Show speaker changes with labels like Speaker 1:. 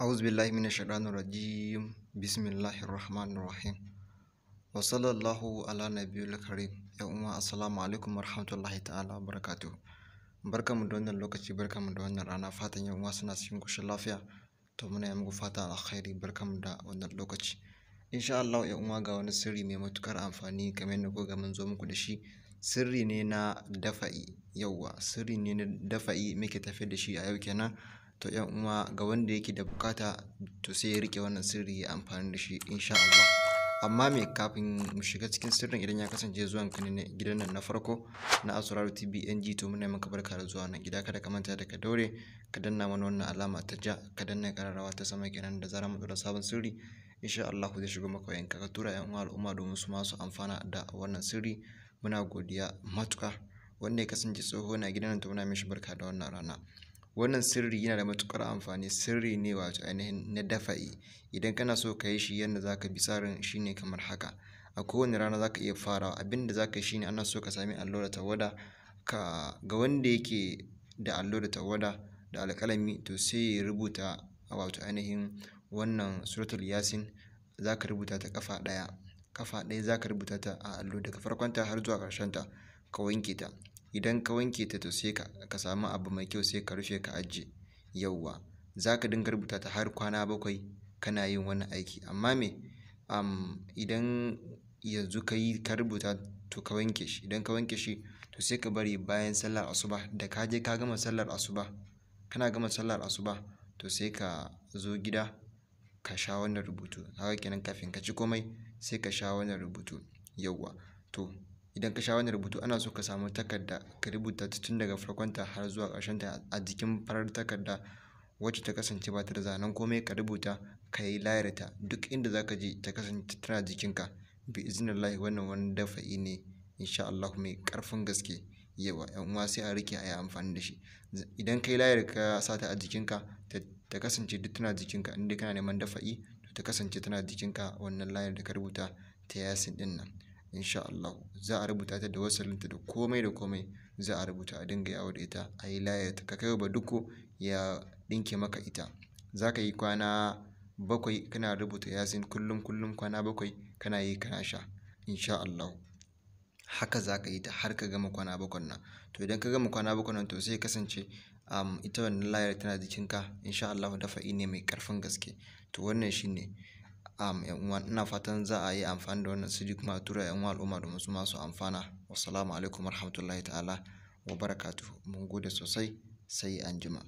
Speaker 1: أعوذ بالله من الشيطان الرجيم بسم الله الرحمن الرحيم وصلى الله على نبي الكريم يا أمة السلام عليكم ورحمة الله barka mu da wannan lokaci barka mu da wannan rana fatan yan uwa suna cikin koshin lafiya to muna yi fata fatan alkhairi barka mu da wannan lokaci insha Allah ya uwa ga wani sirri mai matukar amfani kamar yadda ko mun zo muku da shi sirri ne na dafa'i yauwa sirri ne na dafa'i muke tafi da shi a yau kenan to yan uwa ga wanda yake da bukata to sai ya rike wannan sirri ya amfani da shi insha Allah amma me kafin mu shiga cikin sirrin idan ya kasance zuwan ka ne gidan nan na farko na Asraru TV NG to muna maka barka da zuwa nan gida kada ka manta da ka daure ka danna mana wannan alama ta ja ka danna kararrawa ta sama kenan da zarar mu dora sabon sirri insha Allah zai shigo maka wayanka ka tura yan uwa al'umma domin su masu su amfana da wannan sirri muna godiya matuka wanda ya kasance tsoho na gidan nan to muna mishi barka da wannan rana wannan sirri yana da matuƙar amfani sirri ne wato ainihin na dafa'i idan kana so ka yi shi yadda za ka bi tsarin shi ne kamar haka a kowane rana za ka iya farawa abin da za ka shi ne ana so ka sami allo da tawada ka ga wanda yake da allo da tawada da alkalami to sai ya rubuta wato ainihin wannan suratul yasin za ka rubuta ta kafa ɗaya kafa ɗaya za ka rubuta ta a allo daga farkonta har zuwa ƙarshenta ka wanke ta idan ka wanke ta to sai ka samu abu mai kyau sai ka rufe ka ajiye yauwa za ka dinga rubuta ta har kwana bakwai kana yin wani aiki amma me idan yanzu ka yi ka rubuta to ka wanke shi idan ka wanke shi to sai ka bari bayan sallar asuba da ka je ka gama sallar asuba kana gama sallar asuba to sai ka zo gida ka sha wannan rubutu haka kenan kafin ka ci komai sai ka sha wannan rubutu yauwa to idan ka sha wannan rubutu ana so ka samu takarda ka rubuta tun daga farkonta har zuwa karshen ta a jikin farar takarda wacce ta kasance ba ta da zanen komai ka rubuta ka yi layarta duk inda za ka je ta kasance tana jikinka bi lahi wannan wani dafa'i ne insha Allah mai karfin gaske yawa yan uwa sai a rike a yi amfani da shi idan ka yi layar ka sa ta a jikinka ta kasance duk tana jikinka inda kana neman dafa'i to ta kasance tana jikinka wannan layar da ka rubuta ta yasin dinnan. insha Allah za a rubuta ta da wasalinta da komai da komai za a rubuta a dinga yawo da ita a yi layarta ka kai ba duku ya ɗinke maka ita za ka yi kwana bakwai kana rubuta yasin kullum kullum kwana bakwai kana yi kana sha insha Allah haka za ka yi ta har ka gama kwana bakwai nan to idan ka gama kwana bakwai nan to sai kasance um, ita wannan layar tana jikinka insha Allah dafa ne mai karfin gaske to wannan shine am yan ina fatan za a yi amfani da wannan sirri kuma a tura yan al'umma da su masu su amfana wasalamu alaikum warahmatullahi ta'ala wa barakatu. mun gode sosai sai anjima